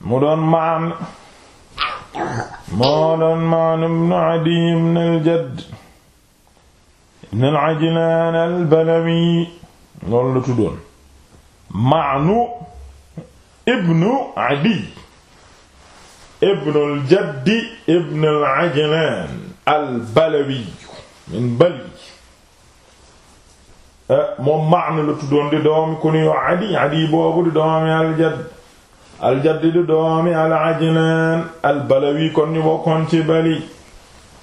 mu doon maan moo doon maan ibnu adiy ibn al-jadd ibn al-ajlaan al-balami loolu la tuddoon maanu ibnu adiy ibn al-jadd ibn al-ajlaan al-balawi min bali eh, moom maanu la tuddoon di doomi ku nuy adiy adiy boobu di doomi al-jadd aljadd di doomi alajlan albalawi kon ñu bokkoon ci bali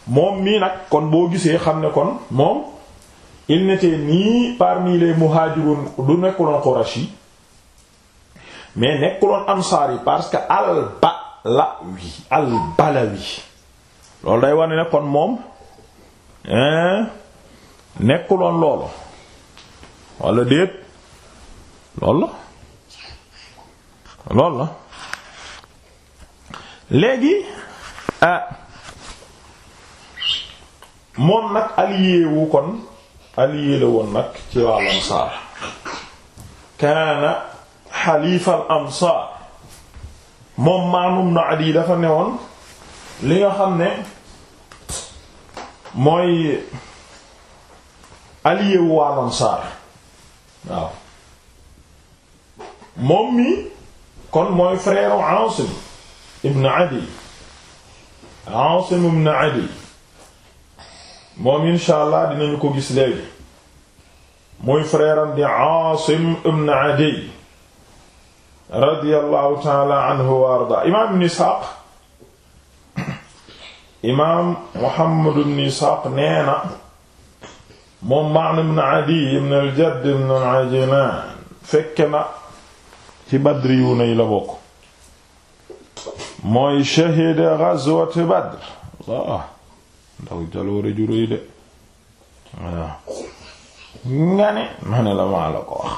moom mii nag kon boo gisee xam ne kon moom il nii ni parmi les muhajirun du nekkuloon qurashi mais nekkuloon ansaar yi parce que albalawi albalawi loolu day wane ne kon moom nekkuloon loolu wala déet loolu loolu la léegi ah, moom nag allié wu kon allié la woon nag ci waa lansaar kaana xaliifal ansaar moom maanum na at yi dafa newoon li nga xam ne mooy allié wu waa waaw moom mi kon mooy frère Aasim ibn Adi Aasim ibn Adi moom insha allah dinañu ko gis léegi muy frère am di Aasim ibn Adi radiyallahu taala anhu wa imaam ibn Isxaaq imaam Muhammad ibn moom Ma'n ibn Adi ibn al-Jadd ibn al-Ajlan fekke na ci badriyuuna yi la bokk mooy shahida ghazwat badr ndaw jaloore ju de waaw nga ne la maa la ko wax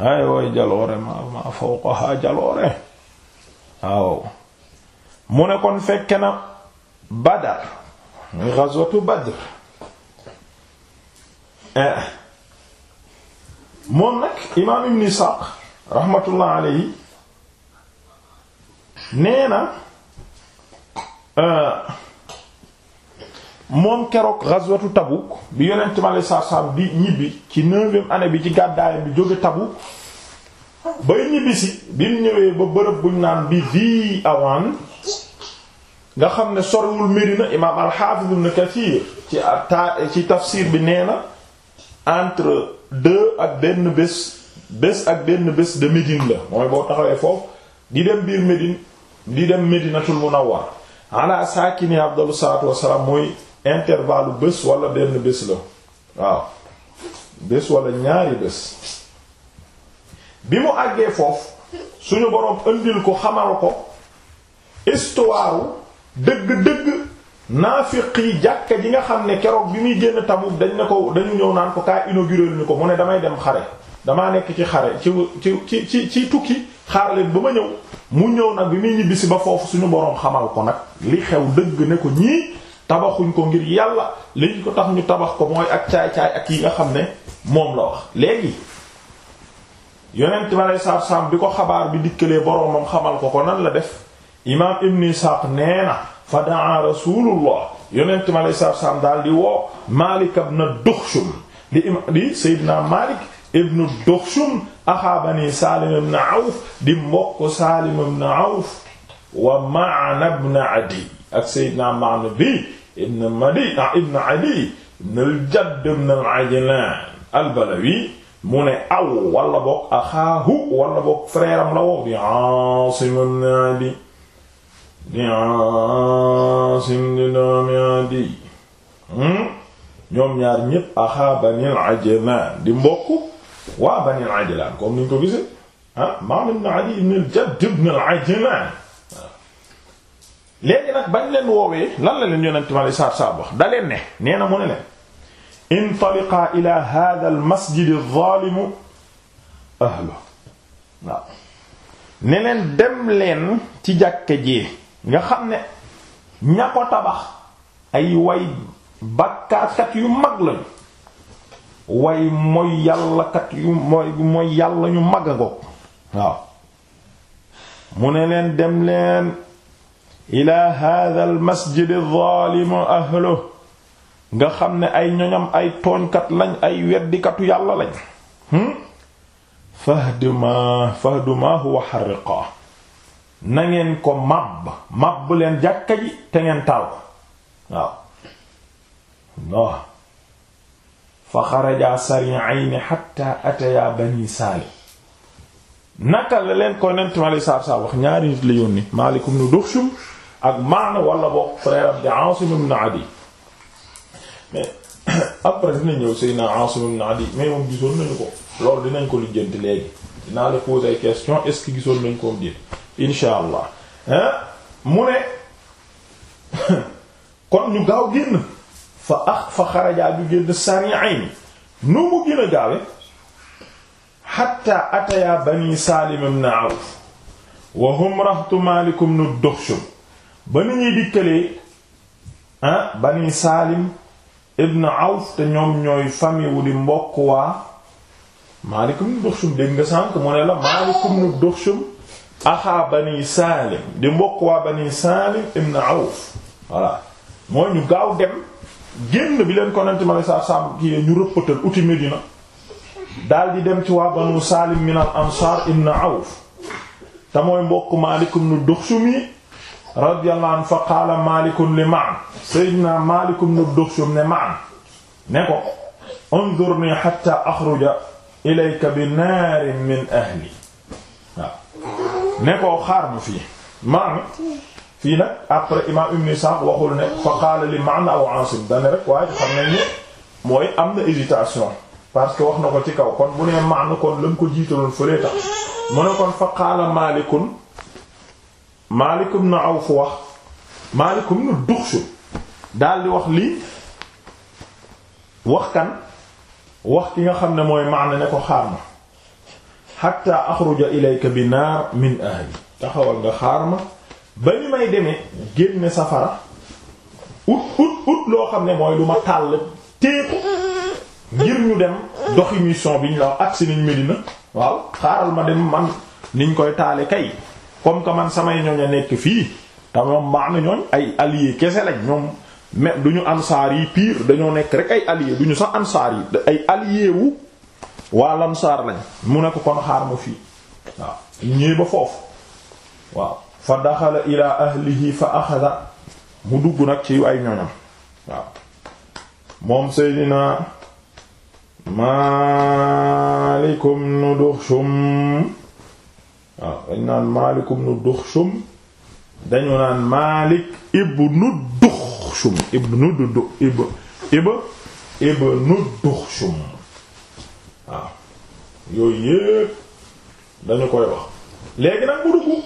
ay way jaloore ma ma fawqaha jaloore waaw mu ne kon fekke na badar muy ghazwatu badr eh. moom nag imaam ibn Isaaq rahmatullah alayhi nee na euh, moom keroog ghazwatu Tabuk bi yonent mi alayhi salaatu salaam di ñibbi ci neuvième année bi ci gàddaayam bi jóge Tabuk bay ñibbisi bi mu ñëwee ba bërëb buñ naan bi di awaan nga xam ne sorwul Medina imaam al-Hafiz Kathir ci ci tafsir bi nee na entre deux ak benn bés bés ak benn bés de Médine la mooy boo taxawee foofu di dem biir Médine di dem Médinatul Munawwar ala saakini afdalu salaatu wassalaam mooy intervalle bés wala benn bés la waaw bés wala ñaari bés bi mu àggee foofu suñu boroom ëndil ko xamal ko histoire dëgg-dëgg naafiq yi jàkka ji nga xam ne keroog bi muy génn Tabuk dañ ne ko dañu ñëw naan ko kaa inaugurer ñu ko mu ne damay dem xare damaa nekk ci xare ci ci ci ci tukki xaar leen ba ma ñëw mu ñëw nag bi muy ñibbisi ba foofu suñu boroom xamal ko nag li xew dëgg ne ko ñii tabaxuñ ko ngir yàlla liñ ko tax ñu tabax ko mooy ak caay-caay ak yi nga xam ne moom la wax léegi yonent ma lay saab-saab bi ko xabaar bi dikkalee boroomam xamal ko ko nan la def imaam ibn Isaaq nee na fa daa rasulullah yonent ma lay saab-saab daal di woo Maalik ibn Duxshum di ima di Seydina Maalik ibnu Duxshum axaa bani ibn Awf di mbokk Saalim ibn Awf wa Ma'na ibn Adi ak Seydina Ma'na ibn Madi ah, ibn Adi ibn al ibn al-Ajlan mu ne aw wala bokk axaahu wala bokk frère la woo di Aasim ibn Adi di Aasim di doomi Adi hmm? ñoom ñaar ñépp axaa al-Ajlan di mbokk waa Bani Ajlaan comme ni ñu ko gisee ah Ma'n ibn Adi ibn al nag bañ leen woowee lan la leen yonent ma lay saar saab wax da ne nee na mu ne leen intaliqaa ila hadha masjid adh-dhalim ahlu ne leen dem leen ci jàkka ji nga xam ne ña ko tabax ay way bakkaarkat yu mag lañu way mooy yàlla kat mooy yàlla ñu mag a ngoog mu ne leen dem leen ila hadha al masjid adh nga xam ne ay ñoñam ay tooñkat lañ ay weddikatu yàlla lañ hmm? fahduma fahdumaahu wa harriqa na ngeen ko màbb màbb leen jàkka ji te ngeen taal ko waaw fa xarajaa sari'ayni xatta ataya bani saalim naka la leen ko nent ma lay saar saar ñaari nit la yónni Maalik ibn Duxshum ak Maana wala bokk frère am di Aasim ibn Adi mais après dina ñëw Seydina Aasim ibn Adi mais moom gisoon nañu ko loolu dinañ ko lijjanti léegi dinaa la poser question est que gisoon nañ ko déet insha allah mu ne kon ñu gaaw génn fa ax fa xarajaa ju génn sari'ayn nu mu gën a gaawe xatta ataya bani saalim ibn awf wa hum rahtu malik ibn duxshum ba ni ñuy dikkalee ah, bani saalim ibn awf te ñoom ñooy famille wu di mbokk waa malik ibn duxshum dégg nga sànk mu ne la malik ibn duxshum axaa bani saalim di mbokk waa bani saalim ibn awf voilà mooy ñu gaaw dem génn bi leen konante ma la sa sam ñu rëppatal uti Medina daal di dem ci waa banu Salim min al ibn Awf te mooy mbokk Maalik ibn Duxsum radiyallahu fa qaala Maalikun li Ma'n sayyidina Maalik ibn Duxsum ne Ma'n ne ko unzurni hatta akhruja bi naarin min ahli waaw ne xaar ma fii Ma'n fii nag après imam Ibn waxul ne fa qaala li Ma'n aw Aasim dane rek waaye xam nañ ne mooy am na hésitation parce que wax na ko ci kaw kon bu nee Ma'n kon lañ ko jiitaloon fëlee tax mu ne kon fa qaala Maalikun Maalik ibn Awf wax Maalik ibn Duxsum daal di wax lii wax kan wax ki nga xam ne mooy Ma'n ne ko xaar ma hatta axruja ilayka bi naar min ahli taxawal nga xaar ma ba ni may demee génne safara ut ut ut loo xam ne mooy lu ma tàll teeku ngir ñu dem doxi mission bi ñu la agsi nañ Medina waaw xaaral ma dem man niñ koy taale kay comme que man samay ñooñ a nekk fii te moom maana ñooñ ay alliés kese lañ ñoom mais du ñu am ansaar yi pire dañoo nekk rek ay alliés du ñu sax ansaar yi ay alliés wu waa lansaar lañ mu ne ko kon xaar ma fii waaw ñëw ba foofu waaw fa daxala ila ahlihi fa axada mu dugg nag ci ay ñoñam waaw moom seydina maalikum nu duxshum waaw dañu naan maalikum nu duxshum dañu naan maalik ibnu duxshum ibnu du ib ibnu duxshum waaw yooyu yépp dañu koy wax léegi nag mu dugg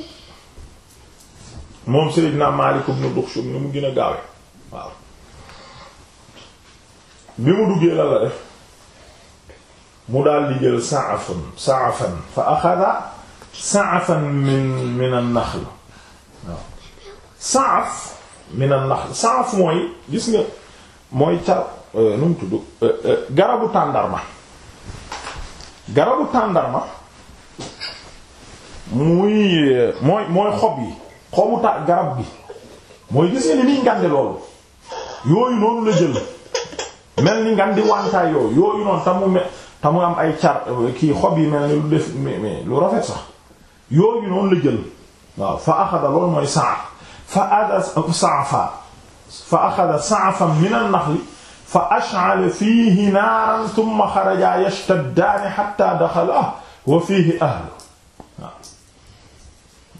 moom Seydina Maalik ibn Duxsum ni mu gën a gaawe waaw bi mu duggee la la def mu daal di jël saafan saafan fa axada saafan min min an-naxl waaw min an-naxl saaf mooy gis nga mooy car euh, nu mu tudd euh, euh, garabu tàndarma garabu tàndarma muy mooy mooy xob yi xobu ta garab gi mooy gisee nga ni niy ngandi loolu yooyu noonu la jël mel ni ngandi wantaay yooyu noonu tamu am ay car euh, kii xob yi mel ni lu def lu rafet sax yooyu noonu la jël waaw fa axada loolu mooy saaf fa ada saafa fa axada saafan min an-naxli fa ash'ala fiihi naaran thumma xaraja yashtaddaani hatta daxala wa fiihi ahlu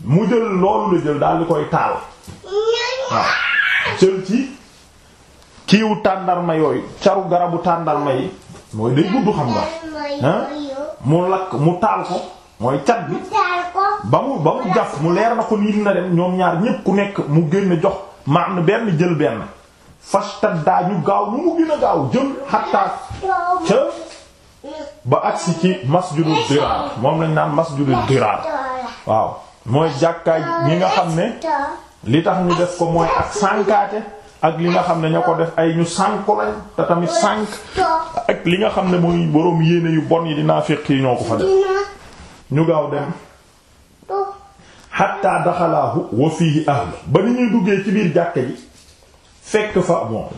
mu jël loolu la jël daal di koy taal waaw jël ci kiiwu tàndarma yooyu caru garabu tàndarma yi mooy day gudd xam nga mu lakk mu taal ko mooy cat bi ba mu ba mu jaf mu leer na ko nit na dem ñoom ñaar ñépp ku nekk mu génn jox maam benn jël benn fastat daa ñu gaaw nu mu gën gaaw jël xatta ca ba agsi ci masjidul diraar moom lañ naan masjidul diraar waaw mooy jàkkaay ñi nga xam ne li tax ñu def ko mooy ak sànkaate ak li nga xam ne ña ko def ay ñu sànk lañ te tamit sànk ak li nga xam ne mooy boroom yéene yu bon yi dinaa fekk yi ñoo ko fa def ñu gaaw dem xatta daxalaahu ba ci biir jàkka ji fekk fa bon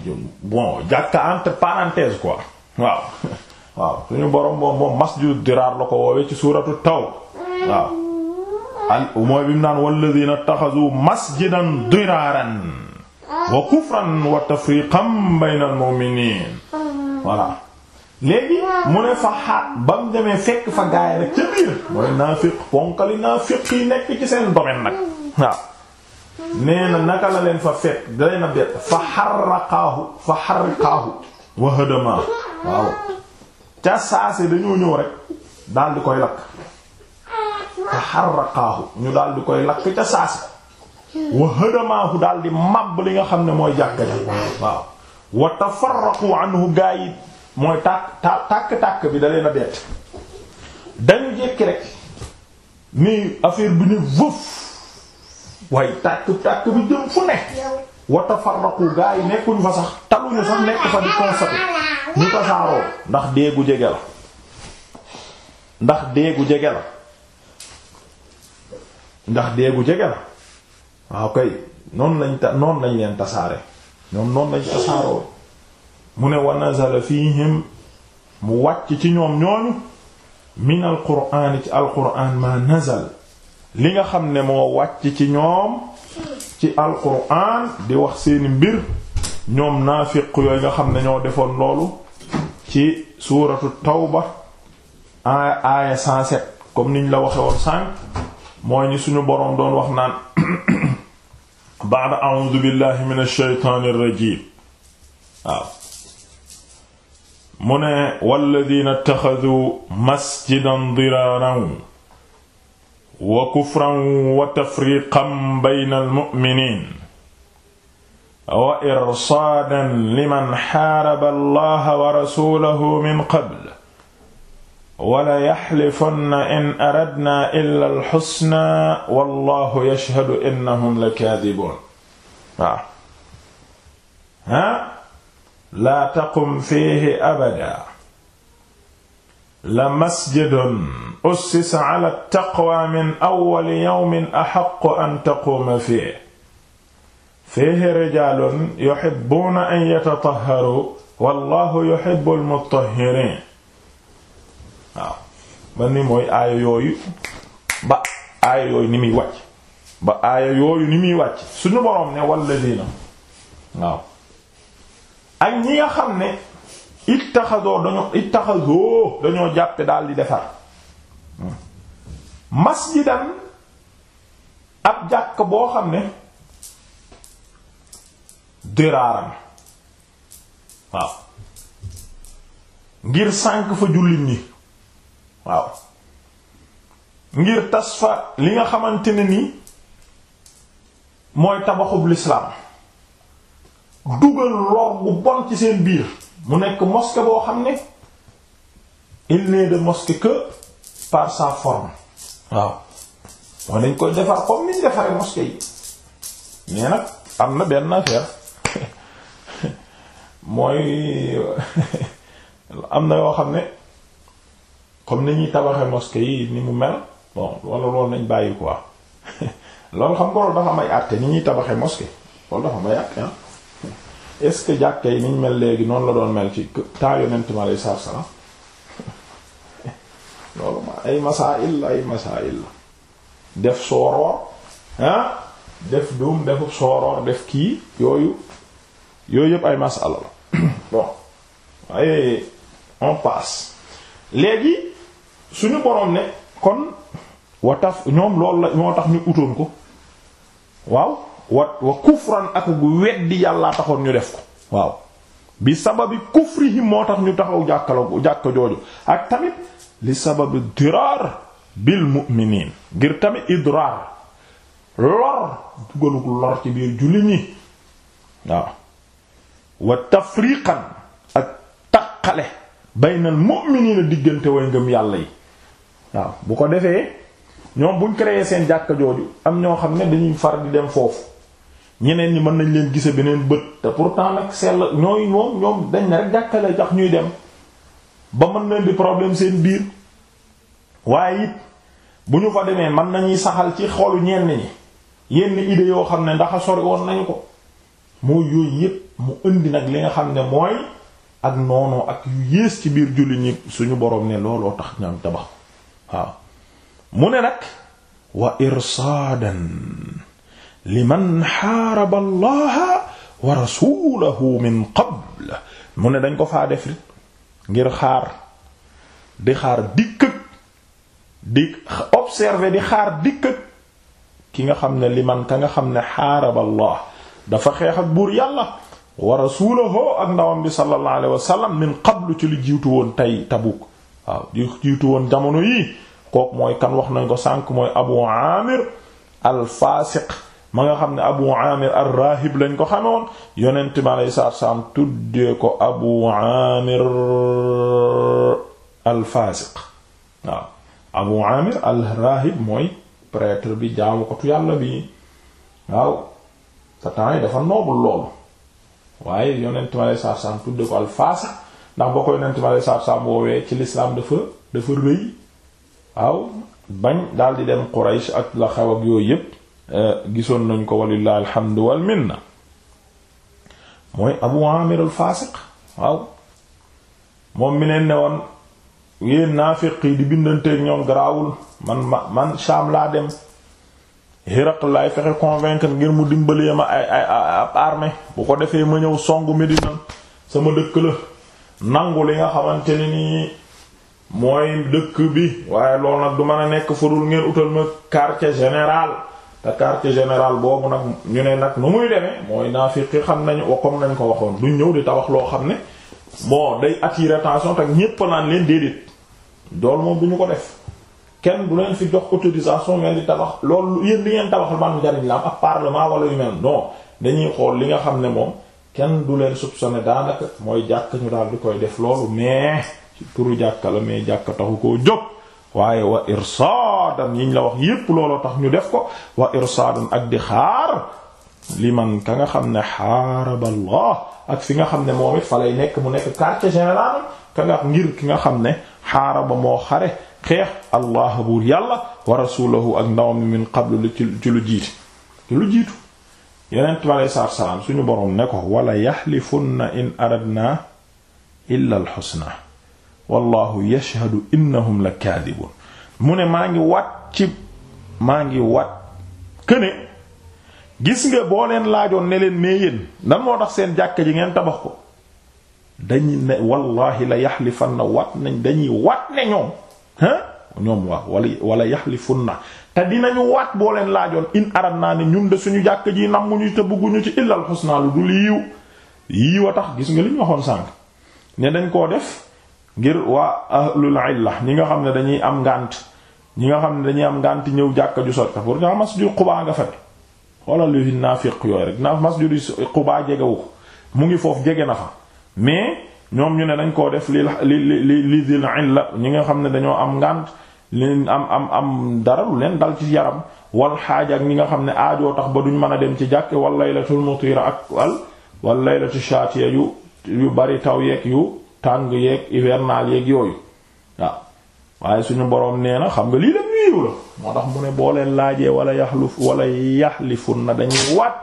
bon jàkka entre parenthèses quoi waaw waaw suñu boroom moom moom masjidu diraar la ko woowee ci suuratu taw waaw al mooy bi mu naan walladina taxasu masjidan wa kufran wa tafriqan baynal mu'minin voilà mu ne fa xaat ba fekk fa gaay nag ca biir naafiq ponkali naafiq nekk ci seen domaine nag waaw nee fa fekk daleen a bett fa xarraqaahu fa xarraqaahu wa hadamaa ca saase dañoo rek daal di koy lakk fa ñu daal di koy lakk ca saasi wa hadamaahu daal di màbb li nga xam ne mooy jàkka ja waaw wa tafarraqu anhu gaa yi mooy tàkk tàkk bi da leen a bett dañu jekki rek ni affaire bi ni vëf waaye tàkk-tàkk bi jëm fu ne wa tafarraqu gaa yi nekkuñu fa sax taluñu sax nekk fa di constater ñu tasaaroo ndax déegu jege la ndax déegu jege la ndax deegu jege la waaw kay noonu lañ ta noonu lañ leen tasaare ñoom noonu lañ tasaaroo mu ne wa nazala fihim mu wàcc ci ñoom ñooñu min al ci al quraan ma nazal li nga xam ne moo wàcc ci ñoom ci al quraan di wax seeni mbir ñoom naafiq yooyu nga xam ne ñoo defoon loolu ci suuratu tawba aaya 107 comme niñ la waxe sànk mooy ñi suñu boroom doon wax naan ba'da a'udhu billahi minash shaytanir rajim waaw mu ne walladina ittaxadu masjidan diraaran wa kufran wa tafriqan bayna almu'minin wa irsaadan liman xaaraba allaha wa rasulahu min qabl wala yaxlifunna in aradna illa alxusna wallahu yashhadu innahum lakaadibuun waaw ha laa taqum fiihi abada la masjidun ussisa ala taqwa min awwali yawmin axaqqu an taquuma fiihi fiihi rijaalun yuhibbuuna an yatatahharuu wallahu yuhibbul mutahhiriin waaw man ni mooy aaya yooyu ba aaya yooyu ni muy wàcc ba aaya yooyu ni muy wàcc suñu boroom ne walladina waaw ak ñi nga xam ne ittaxadoo dañoo ittaxadoo dañoo jàppe daal di defar hmm. masjidan ab jàkk boo xam ne dëraaram waaw ngir sànk fa jullit ñi waaw ngir tas fa li nga xamante ne ni mooy tabaxub lislaam dugal lor bu bon ci seen biir mu nekk mosquée boo xam ne il n'est de mosquée que par sa forme waaw mooy dañ koy defar comme niñ defaree mosquée yi mais nag am na benn affaire mooy am na yoo xam ne comme ni ñuy tabaxe mosquée yi ni mu mel bon wala loolu nañ bàyyi quoi loolu xam nga loolu dafa may àtte ni ñuy tabaxe mosquée loolu dafa may àtte ah est-ce mel léegi noonu la doon mel ci temps yonent ma lay sar ay masaa'il la ay def sooroor ah def duum defub def kii yooyu yooyu yëpp ay masala passe léegi suñu boroom ne kon wa taf ñoom lool la moo tax ñu utoon ko waaw wa wa kufran ak gu weddi yàllaa taxoon ñu def ko waaw bi sababi kufrihim moo tax ñu taxaw jàkkalo jàkka jooju ak tamit li sababi diraar bil mu'miniin ngir tamit idraar lor dugaluk lor ci biir julli ñi waaw wa tafriqan ak taqale baynal mu'miniina diggante way ngëm yàlla yi waaw bu ko defee ñoom buñ créé seen jàkka jooju am ñoo xam ne dañuy far di dem foofu ñeneen ñi mën nañ leen gise beneen bët te pourtant nag sell ñooy moom ñoom dañ ne rek jàkkale tax ñuy dem ba mën nañ di problème seen biir waaye it bu ñu fa demee mën nañuy saxal ci xolu ñenn ñi yenn idée yoo xam ne ndax a sori woon nañu ko mooy yooyu yépp mu indi nag li nga xam ne mooy ak noonoo ak yu yées ci biir julli ñi suñu borom ne looloo tax ñam tabax waaw mu ne nag wa irsaadan liman xaaraba allaha wa rasulahu min qabl mu ne dañ ko faa def ngir xaar di xaar dikk di observer di xaar dikk ki nga xam ne liman ka nga xam ne xaaraba allah dafa xeex ak buur yàlla wa rasulahu ak ndawam bi sallallahu alayhi wa sallam min qablu ci lu jiitu woon tey Tabuk waaw di woon jamono yii kook mooy kan wax nañ ko sànq mooy abu amir al ma nga xam ne abu amir al lañ ko xame woon yonent mi aleyhi salaatu salaam tuddee ko abu amir al fasiq waaw abu amir al rahib mooy yàlla bi waaw te temps yi dafa noobul loolu waaye yonent mi aleyhi salaatu salaam tuddee ko al ndax ba koy nent ma lay saab-saab woowee ci lislaam dafa dafa rëy waaw bañ daal di dem Quraysh ak la xew ak yooyu yépp eh, gisoon nañ ko walillahi alhamdu wal mooy Abu Amir al-Fasiq waaw moom mi neen ne woon yéen naafiq yi di bindanteeg ñoom grawul man man Sham laa dem Hiraq lay fexe convaincre ngir mu dimbalee ma ay ay ab armée bu ko defee ma ñëw song Medina sama dëkk la nangu li nga xamante ne nii mooy dëkk bi waaye lool nag du mën a nekk furul ngeen utal ma quartier général te quartier général boobu nag ñu ne nag nu muy demee mooy naafiqi xam nañu comme nañ ko waxoon duñ ñëw di tabax loo xam ne boo day attirer attention te ñépp naan leen déedéet dool moom du ñu ko def kenn du leen fi jox autorisation ngeen di tabax loolu yéen li ngeen tabax ban njariñ la am ak parlement wala yu mel non dañuy xool li nga xam ne moom kenn du leen soupçonné daanaka mooy jàkk ñu daal di koy def loolu mais turu jàkka la mais jàkka taxu koo jóg waaye wa irsaadan yiñ la wax yépp looloo tax ñu def ko wa irsaadan ak di xaar li man ka nga xam ne xaaraballah ak fi nga xam ne moom it fa lay nekk mu nekk quartier général ka nga ngir ki nga xam ne xaaraba moo xare xeex allah buur yàlla wa rasulahu ak ndawam min qablu ci lu jiitu lu jiitu yonent bi aleyhi salaatu wa salaam suñu boroom ne ko wala yaxlifunna in aradna illa alxusna wallahu yashhadu innahum la kaadibuun mu ne maa ngi wat ci maa ngi wat këne gis nga boo leen laajoon ne leen mais yéen nan moo tax seen jàkka ji ngeen tabax ko dañu ne wallahi la yaxlifanna wat nañ dañuy wat ne ñoom ñoom waaw wala wala na te dinañu waat boo leen laajoon in arad naa ne ñun de suñu jàkk ji ñu te bëgguñu ci illal xusnaa lu dul yiiw yiiw a tax gis nga li ñu waxoon sànq ne dañ koo def ngir waa ahlul illa ñi nga xam ne dañuy am ngànt ñi nga xam ne dañuy am ngànt ñëw jàkka ju sot pour nga masjid Quba nga fa xoolal li naafiq yooyu rek na masjid Quba jegewu ko mu ngi foofu jege na fa mais ñoom ñu ne dañ koo def li li li li zil illa ñi nga xam ne dañoo am ngànt leen am am am dara lu leen dal ci yaram wal xaaja ak ñi nga xam ne aajoo tax ba duñ mën a dem ci jàkke wal laylatul mutira ak wal wal laylatu shaatiya yu yu bari taw yeeg yu tàng yeeg hivernal yeeg yooyu waaw waaye suñu boroom nee na xam nga lii la ñuyiw la moo tax mu ne boo leen laajee wala yaxluf wala yaxlifun na dañuy waat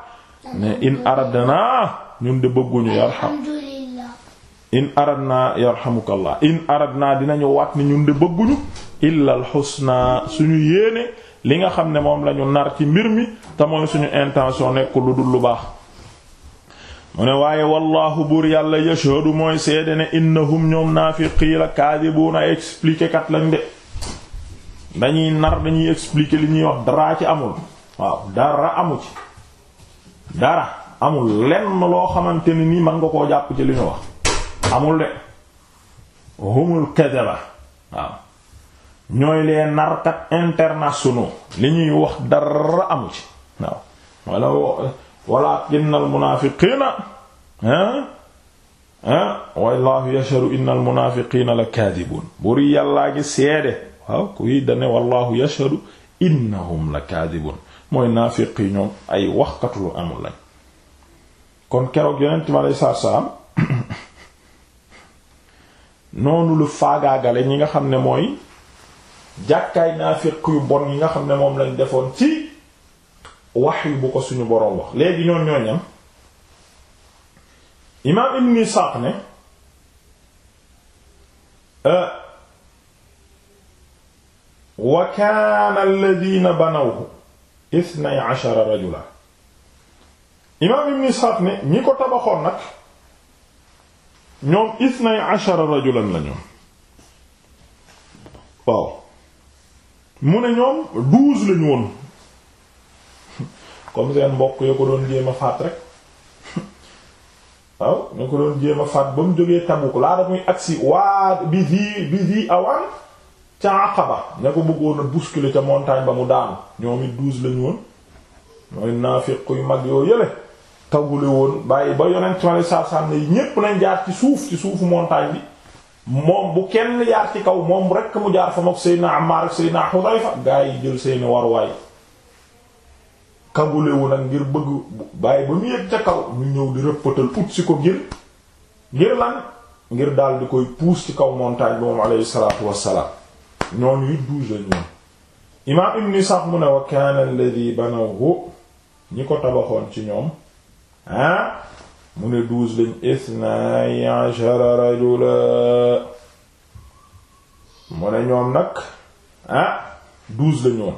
ne in aradna ñun de bëgguñu yarham in aradna yarhamukallah in aradna dinañu waat ni ñun de bëgguñu illal xusna suñu yéene li nga xam ne moom lañu nar ci mbir mi te mooy suñu intention nekk lu dul lu baax mu ne waaye wallaahu buur yàlla yashhadu mooy seede ne innahum ñoom naafiqiina kaadibuuna expliqué kat lañ de dañuy nar dañuy expliqué li ñuy wax dara ci amul waaw dara amu ci dara amul lenn loo xamante ni nii mën nga koo jàpp ci li ñu wax amul de humul kadaba ñooy les narkat internationaux li ñuy wax dara amu ci waaw wala walakinna almunafiqina wallahu yashhadu inna almunafiqina la kadibun buur yàllaa gi seede waaw kuy dane wallahu yashhadu innahum la kadibun mooy naafiqi ñoom ay waxkatulu amul lañ kon keroog yonent mi alayhi salaam noonu lu faagaagale ñi nga xam ne mooy jàkkaay naafiq yu bon yi nga xam ne moom lañ defoon ci wax yu bu ko suñu boroom wax léegi ñoon ñooñam imaam ibn Isaaq ne euh, wa kaana alladina banawhu ithnay ashara rajula imaam ibn Isaaq ne ñi ko tabaxoon nag ñoom isnay ashara rajulan la ñoom waaw mu ne ñoom douze lañu woon comme seen mbokk yoo ko doon jéem a faat rek waaw ñoo ko doon jéem a faat ba mu jógee Tabuk laa daf muy agsi waa bi di di awaan ca Aqaba ña ko bëggoon a ca montagne ba mu daanu ñoom it douze lañu woon ñooy naafiq yu mag yoo yële tawule woon bàyyi ba yonent mi alayhi salaatu salaam ne ñépp nañ jaar ci suuf ci suufu montagne bi moom bu kenn yaar ci kaw moom rekk mu jaar fa mook Seydina Ammaar ak Seydina Xudayfa gaa yi jël seeni warwaay kabulewu nag ngir bëgg bàyyi ba mu yëg ca kaw ñu ñëw di rëppatal ut si ko ngir ngir lan ngir daal di koy puus ci kaw montagne bi moom alayhi salaatu wassalaam ñooñu it douze la ñoom imaam ibn Sa'd mu ne wa kaana alladhi banahu ñi ko tabaxoon ci ñoom ah mu ne douze lañ isnaay ashara rajula mu ne ñoom nag douze la ñoom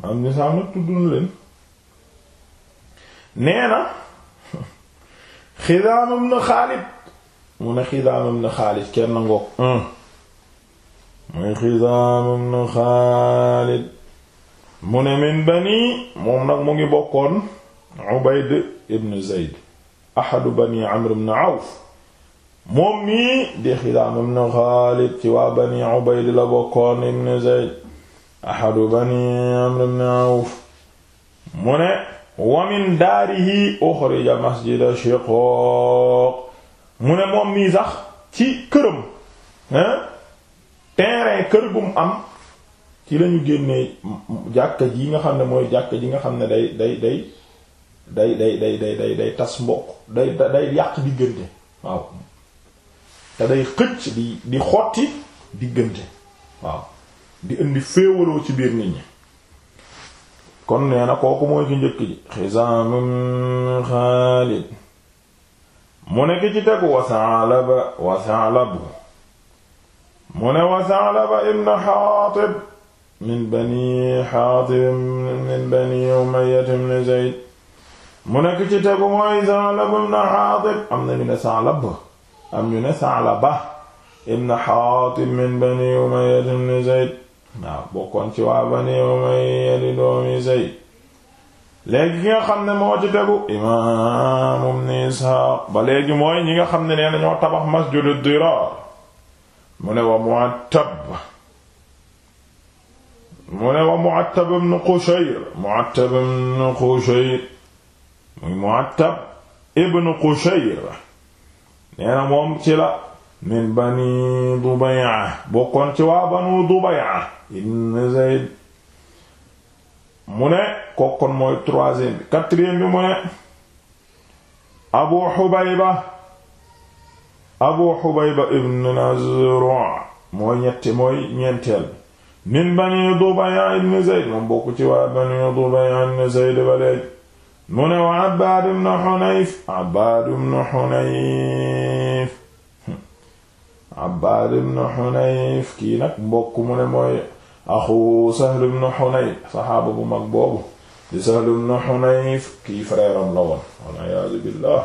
maam ni saa tudd na leen nee na na xaalid mu ne xidaamam na xaalid kenn ngoog muy xidaamam na xaalid mu ne min bani moom nag mu ngi bokkoon Ubayd ibn Zayd ahadu bani Amr ibn Awf ci waa bani Ubayd la bokkoon ibn Zayd ahadu bani Amr ibn mu ne moom mii sax ci këram terrain kër gum am ci lañu génnee jàkka ji nga xam ne mooy jàkka ji nga xam ne day day day day day day day day tas mbokk day day yàq diggante waaw te day xëcc di di xotti diggante waaw di indi féewaloo ci biir nit ñi kon nee na kooku mooy ki njëkk ji xisaamum xaalid mu ne ki ci tegu wasalaba wasalabu mu ne wasalaba ibn xaatib min bani xaatib min bani umayyah ibn zayd mu nekk ci tegu mooy Sa'lab ibn Haatib am na ñu ne Sa'lab am ñu ne min Bani Umayya ibn Zayd waaw bokkoon ci waa Bani Umayya di doomi Zayd léegi nga xam ne moo ci tegu imaam Ibn Ishaaq ba léegi mooy ñi nga xam ne nee nañoo tabax masjidu Diraar mu ne wa Mu'attab mu ne wa Mu'attab ibn Qushayr Mu'attab ibn Qushayr muy Mu'attab ibn Qushayr nee moom ci min bani Dubay'a bokkoon ci waa banu Dubay'a ibn Zayd mu ne kokkoon mooy troisième bi quatrième bi mu ne Abu Hubayba Abu Hubayba ibn Nazra mooy ñetti mooy ñeenteel min bani Dubay'a ibn Zayd moom bokk ci waa bani Dubay'a ibn Zayd ba léegi mune wa Abbaad ibn Hunayf Abbaad ibn Hunayf Abbaad kii nag mbokk mu ne mooy axu Sahl ibn Hunayf saxaaba bu mag boobu di Sahl ibn Hunayf kii am la woon billaah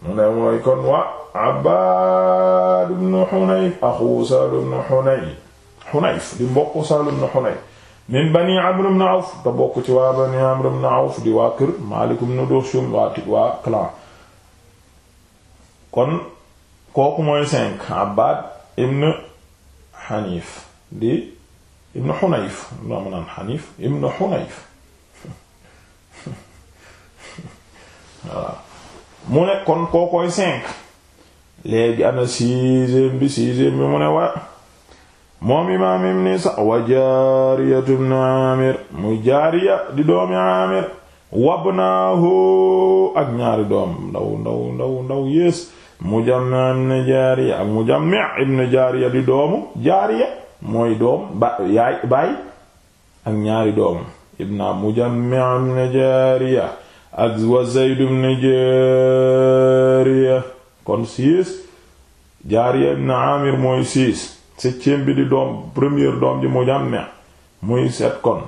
mu mooy kon wa Abbaad ibn Hunayf axu Sahl ibn Hunayf Hunayf mbokk Sahl ibn Hunayf min bani amr ibn awf te bokk ci waa bani amr ibn awf di waa kër malik ma naan hanif ibn hunayf mu ne kon kookooy cinq léegi ana sixième bi sixième bi mu ne waa moom imaam ibn Isa wa jaariyatu ibn Aamir muy jaariya di doomi Aamir wabnaahu ak ñaari doom ndaw ndaw ndaw ndaw yées Mujammi' ibn Jaariya ak Mujammi' ibn Jaariya di doomu jaariya mooy doom ba ak ñaari doom ibn Mujammi' ibn Jaariya ak wa Zayd ibn Jaariya kon jaariya ibn Aamir mooy siis septième bi di doom première doom ji mu jàmme muy sept kon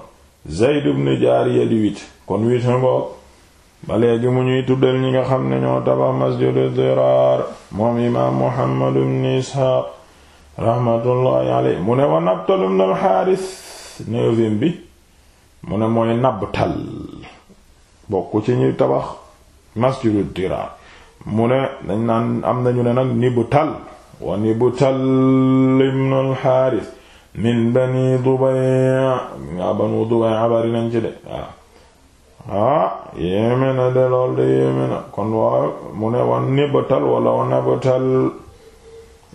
Zayd ibn Jaariya di huit kon huit ngoog ba léegi mu ñuy tuddal ñi nga xam ne ñoo tabax masjidu Diraar moom imaam Muhammad ibn Isxaaq rahmatullahi alayhi mu ne wa Nabtal ibn al-Haaris bi mu ne mooy Nabtal bokk ci ñuy tabax masjidu Diraar mu ne dañ naan am nañu ne nag Nibtal wa Nibtal ibnu al-Haaris min bani Dubay nga banu Dubay abari de ah yéeme na de lool de yéeme na kon waa mu ne wa Nibtal wala wa Nibtal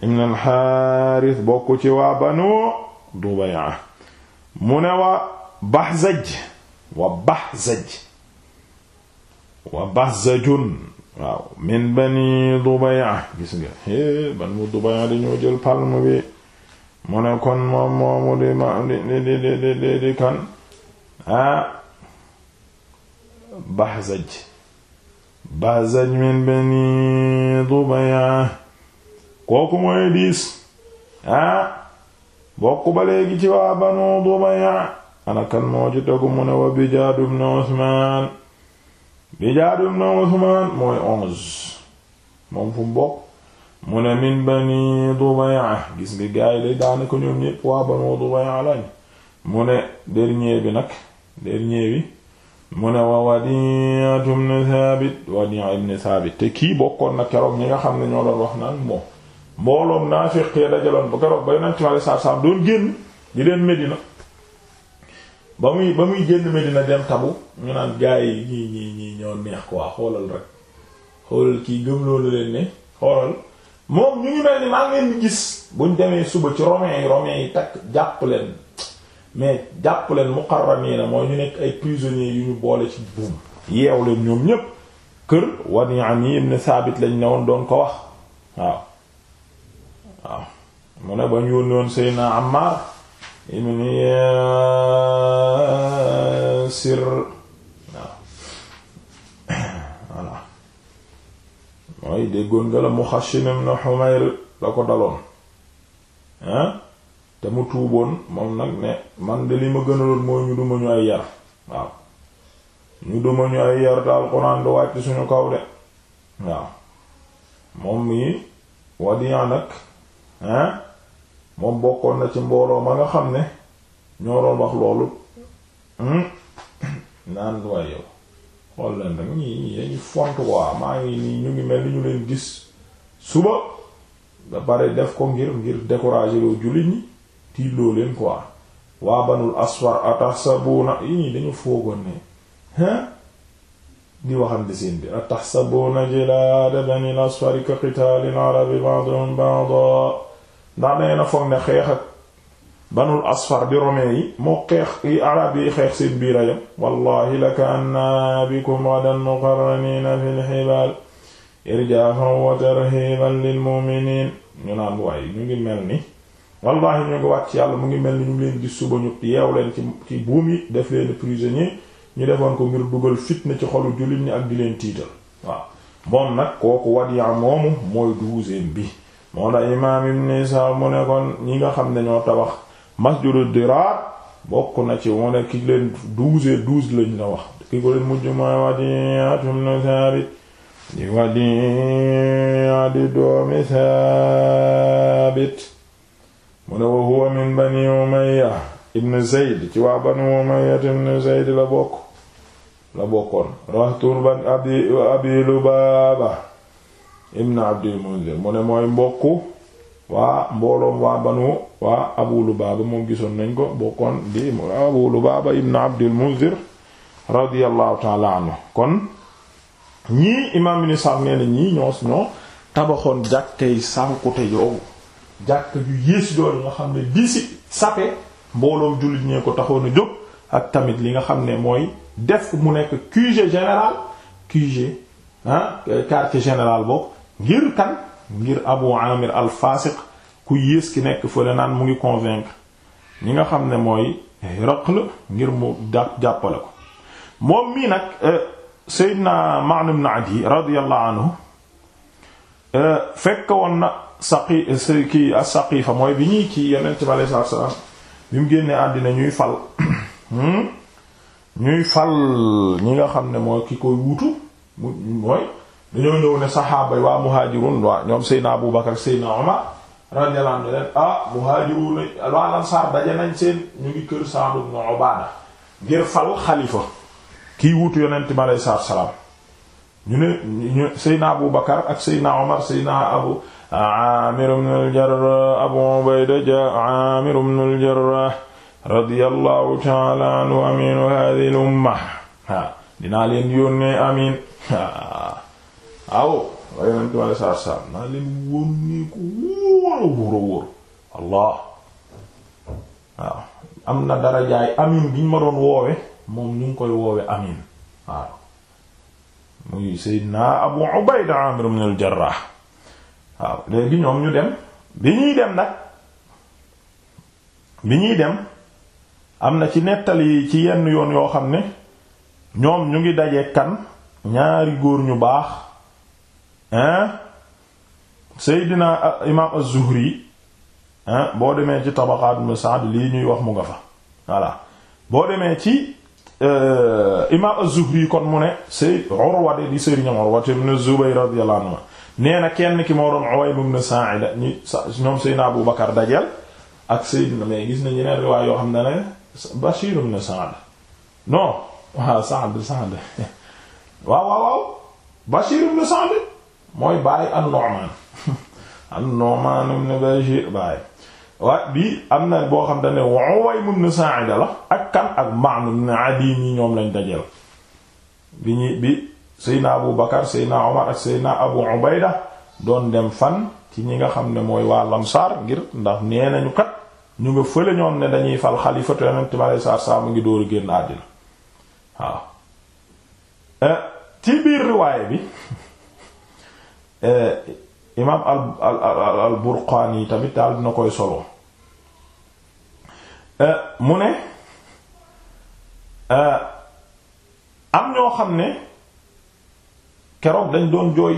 ibnu al-Haaris bokk ci waa banu Dubay mu ne wa Bahzaj wa Bahzaj wa Bahzajun waaw min bani dubaya gis nga é ban mu dubaya dañoo jël palme bi mu ne kon moom moomu di ma di di di di di kan ah bahzaj bahzaj min bani dubaya kooku mooy diis ah ba léegi ci waa banu dubaya ana kan moo ci tegu mu ne wa bijaad ibn usman Mijaad ibn Usmaan mooy onze moom fu mu bokk mu ne min Bani Dubay'a gis nga gaay yi de daanaka ñoom ñépp waa Banu Dubay'a lañ mu ne dernier bi nag dernier bi mu ne wa Wadi'a ibn Thabit Wadi'a ibn Thabit te kii bokkoon na keroog ñi nga xam ne ñoo doon wax naan moo naa naafiq ya dajaloon bu keroog ba Yonent mi sallallahu alayhi wasallam doon génn di leen Medina ba muy ba muy génn Medina dem tabu ñu naan gaa yi ñii ñii ñii ñoo neex quoi xoolal rek xoolal kii gëmloo na leen ne xoolal moom ñu suba ci romain yi romain yi nekk ay prisonniers yu ñu boole ci buum yeew leen ñoom ñépp kër Wani Ami ibn Saabit lañ newoon doon ko wax waaw waaw mu ne ba ñu yónni woon Seydina Ammaar ibn Yaasir waaw voilà mooy déggoon nga la Muxashin ibn Humayr la ko daloon hein te mu tuuboon moom nag ne man de li ma gënaloon mooy ñu duma ñu ay yar waaw ñu duma ñu ay yar te alxuraan du wàcc suñu kaw de waaw moom mii wadiya nag hein moom bokkoon na ci mbooloo ma nga xam ne ñoo doon wax loolu hmm? naan waaye yow xool leen rek ñii dañuy font waa maa ngi nii ñu ngi mel ni ñu leen gis suba ba pare def ko ngir ngir décourager loo jullit ñi tiitloo leen quoi waa banul asfar ataxsabuuna yi ñii dañu foogoon ne hein di waxande seen bi ataxsabuuna jilaada banil asfari ka qitaalil arabi ba'dhum ba'dha ndax nee na foog ne xeex ak banul asfar di romain yi moo xeex yi arab yi xeex seen biir a yam wallahi la ka anna bikum fi lxibaal irjaafan wa tarhiban lil mu'minin ñu naan waaye ñu ngi mel ni wallahi ñu ngi wàcc yàlla mu ngi mel ni ñu ngi leen gis suba ñu yeew leen ci ci buum yi def leen prisonnier ñu defoon ko ngir dugal fitna ci xolu jullit ñi ak di leen tiital waaw moom nag kooku wadiya moomu mooy douzième bi moo tax imaam ibn Isaaq mu ne kon ñi nga xam ne ñoo tabax masjidu diraar bokk na ci moo ne ki leen douze douze lañ la wax ki ko leen mujj mooy wadiatum na saabit di wadia di doomi saabit mu ne wa huwa min bani Umayya ibn Zayd ci waa banu Umayya ibn Zayd la bokk la bokkoon rahtur ban abi abi Lubaaba ibn Abdul Munzir mu ne mooy mbokku waa mbooloom waa banu waa Abu Lubaaba moom gisoon nañ ko bokkoon di Abu Lubaaba ibn Abdul Munzir radiyallahu taala anhu kon ñii imaam ibn Sa'd ñii ñoo ñoo tabaxoon jàkkay sànkute yoogu jàkk ju yées doon nga xam ne di si sape mbooloom jullit ñee ko taxoon a jóg ak tamit li nga xam ne mooy def mu nekk QG général QG ah quartier général boobu ngir kan ngir Abu Amir al-Fasiq ku yées ki nekk fële naan mu ngi convaincre ñi nga xam ne mooy Hiraql eh, ngir mu jàppale ko moom mii nag eh, Seydina Ma'n ibn Adi radiyallahu anhu eh, fekk woon na saqi kii as-Saqifa mooy bi ñuy kii Yonent bi alayhi salaatu salaam bi mu génnee àddina ñuy fal hmm? ñuy fal ñi nga xam ne mooy ki koy wutu mooy dañoo ñëw ne saxaaba yi waa muhajirun waa ñoom Seydina Abu Bakar Seydina Umar ah, daje nañ seen ñu ngi kër Sa'd ibn Ubaada ngir fal xalifa kii wutu yonent mi alayhi salaam ñu ne ñu Abu Bakar ak Seydina Umar Seydina Abu Aamir ibn al Abu Ubayda Aamir ibn al-Jarraah radiyallahu ta'ala anhu waaw waaye nañ saar saar naa leen wóor nii ku wóor wóor a waaw am na darajaay amin gi ñu ma doon woowe moom ñu ngi koy woowe amin waaw muy naa Abu Ubayda Amir ibn al-Jarrah waaw léegi ñoom ñu dem bi ñuy dem nag bi ñuy dem am na ci nettali ci yenn yoon yoo xam ne ñoom ñu ngi daje kan ñaari góor ñu baax hein seydina uh, imaam az-Zuhri boo demee ci tabaqaat mu Sa'd lii ñuy wax mu nga fa voilà boo demee ci uh, imaam az-Zuhri kon mu ne say Urwa de di sëriñam Urwa ibn kenn ki moo doon Uwaym ibn Sa'ida ñi ñoom seydina Abu Bakar dajeel ak seydina mais gis na ñeneen riwaay yoo xam ne ne Bashir ibn Sa'd non waaw Sa'd Sa'd waaw waaw waaw Bashir ibn Sa'd mooy bàyyi an-Nu'man an-Nu'man ibn Bashir bàyyi waaye bii am na boo xam dane Uwaym ibn Sa'ida la ak kan ak Ma'n ibn Adi ñi ñoom lañ dajeel bi ñu bi Seydina Abu Bakar Seydina Omar ak Seydina Abu Ubayda doon dem fan ci ñi nga xam ne mooy waa Lamsaar ngir ndax nee nañu kat ñu nga fële ñoom ne dañuy fal xalifatu Yonent mi alayhi salaatu mu ngi dóoru génn àddina waaw eh, ci biir bi Eh, imaam al al al burqaani tamit daal na koy solo eh, mu ne eh, am ñoo xam ne keroog dañ doon jooy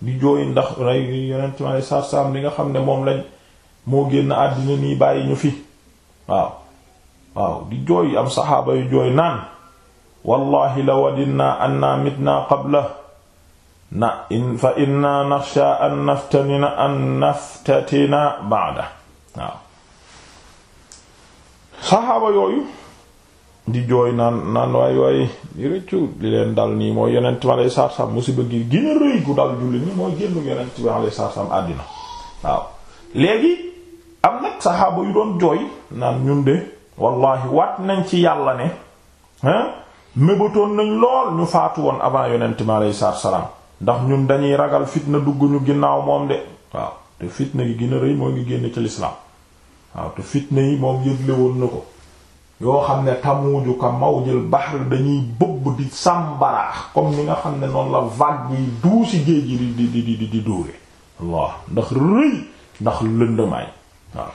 di jooy ndax rey yonent ma saar-saam li nga xam ne moom lañ moo génn àddina nii bàyyi ñu fi waaw waaw di jooy am saxaaba yu jooy naan wallahi la wadinna anna mitna qabla na in fa inna naxsha an naftanina an naftatina ba'da waaw saxaaba yooyu di jooy naan naan waay waay di rëccu di leen dal nii mooy yonent bi alayhi salaatu salaam musiba gi gën a rëy gu dal julli ni mooy génnu yonent bi alayhi salaatu salaam àddina waaw léegi am nag saxaaba yu doon jooy naan ñun de wallahi waat nañ ci yàlla ne hein nañ lool ñu faatu woon avant yonent bi alayhi salaatu salaam ndax ñun dañuy ragal fitna dugg ñu ginnaaw moom de waaw te fitna gi gën a rëy moo ngi génn ci lislaam waaw te fitna yi moom yëgle woon na ko yoo xam ne tamuju ka mawjil bahr dañuy bëbb di sàmbaraax comme ni nga xam ne noonu la vague yi duusi géej gi di di di di di dóore Allah ndax rëy ndax lëndëmaay waaw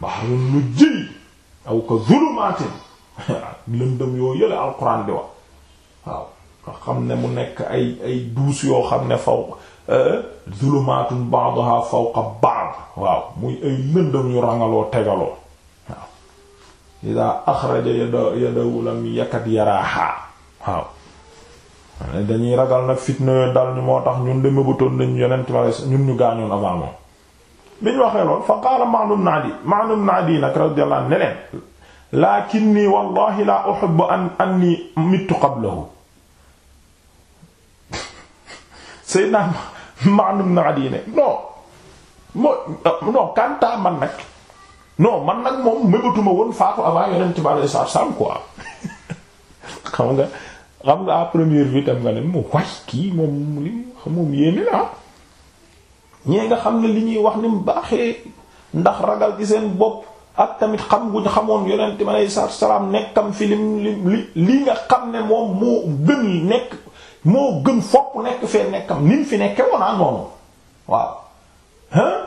bahrun lu jëli aw ka zulumaatin lëndëm yoo yële alquran di wax waaw nga xam ne mu nekk ay ay duus yoo xam ne faw euh, zulumaatun ba'daha fawqa ba'd waaw muy ay lëndëm yu rangaloo tegaloo waaw ida axraja yadahu lam yakat yaraaha waaw dañuy ragal nag fitna yooyu dal ñu moo tax ñun deme bëtoon nañu yonent ma ñun ñu gaañoon avant moom biñ waxee lool fa qaala ma'lum naadi ma'lum naadi nag radiyallahu anhu ne leen lakinni wallahi la uhibbu an anni mittu qablahu Seydina Maanum na Adi ne non Kantaa man nag non man nag moom mëbatuma woon faatu avant Yonent bi alayhi salaatu salaam quoi xam nga xam nga à première vue tam nga ne mu way kii moom li moom yéeme la ah. ñee nga xam ne li ñuy wax ni mu baaxee ndax ragal ci seen bopp ak tamit xam guñ xamoon yonent bi alayhi salaatu salaam nekkam fi lim li li nga xam ne moom moo gën nekk. moo gën fopp nekk fee nekkam ni fi nekke woonaa ah, noonu waaw hein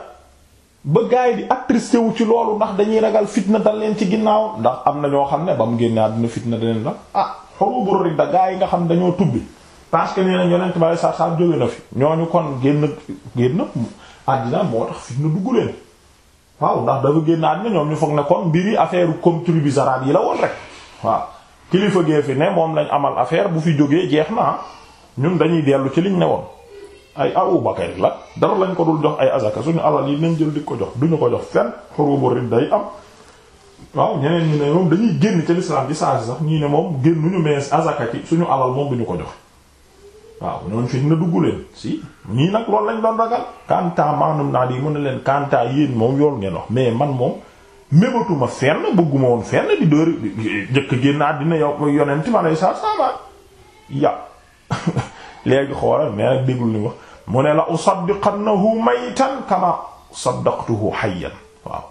ba gaay di attristé wu ci loolu ndax dañuy ragal fitna dal leen ci ginnaaw ndax am na ñoo xam ne ba mu génne àdduna fitna daleen la ah xoruboro rik da gaay yi nga xam dañoo tubbi parce que nee na yonent bale sa sa jóge na fi ñooñu kon génn génn àddina moo tax fitna dugg leen waaw ndax dafa génn àddina ñoom ñu foog ne kon mbiri affaire comme tribu bi yi la woon rek waaw kilifa gee fi ne moom lañ amal affaire bu fi jógee jeex ah. ñun dañuy dellu ci liñ ne woon ay Abu Bakar la dara lañ ko dul jox ay azaka suñu alal yi nañ jël di ko jox duñu ko jox fenn xurubu ridda day am waaw ñeneen ñi ne moom dañuy génn ca lislaam bi saa si sax ñii ne moom génnuñu mais azaka ci suñu alal moom duñu ko jox waaw ñooñu fi na dugg leen si ñii nag loolu lañ doon ragal kanta maanum naa di mën na leen kanta yéen moom yoolu ngeen wax mais man moom mébatuma fenn bëgguma woon fenn di dóori jëkk génn àddina yow yonent ma lay sa léegi xoolal mais nag déglu li wax mu ne la usaddiqannahu maytan kama saddaqtuhu hayyan waaw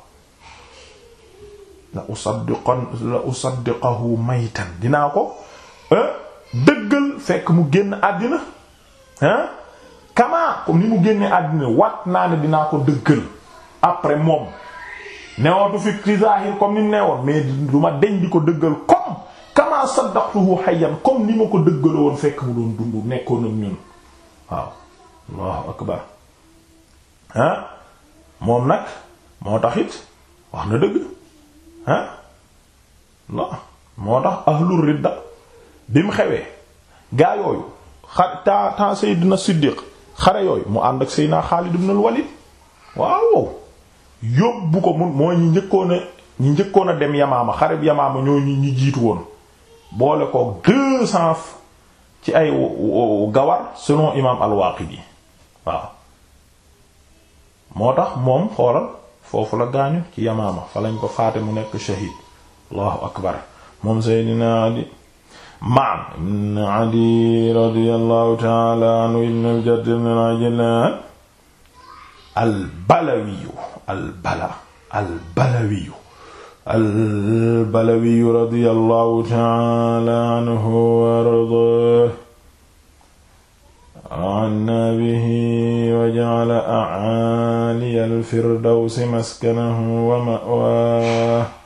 la usaddiqan la usaddiqahu maytan dinaa ko dëggal fekk mu génn àddina ah kama comme ni mu génne àddina wat naa ne dinaa ko dëggal après moom newatu fi ci zahir comme ni mu newoon mais du deñ di ko dëggal comme kama saddaqtuhu hayyan comme ni ma ko dëggale woon fekk mu doon dund nekkoon ak ñun waaw allahu akbar ah moom nag moo tax wax na dëgg ah la moo tax ahlul ridda bi mu xewee gaa yooyu xar ta ta Seydina Siddiq xare yooyu mu ànd ak Seydina Xaalid ibn al-Walid waaw yóbbu ko mun moo ñu njëkkoon a ñu njëkkoon a dem Yamaama xare bi Yamaama ñoo ñu ñu jiitu woon boole ko deux cents ci ay gawar selon imam al-Waqidi waaw moo tax moom xoolal foofu la gaañu ci Yamaama fa lañ ko faate mu nekk shahid allahu akbar moom Seydina Adi Ma'n ibn Adi radiyallahu ta'ala anhu ibn al-Jadd ibn al-Ajlan al-Balawi al albalawiyu radiyallahu taala anhu wa ardaah anna bihi wa ja'ala a'aaliya alfirdawsi maskanahu wa ma'waahu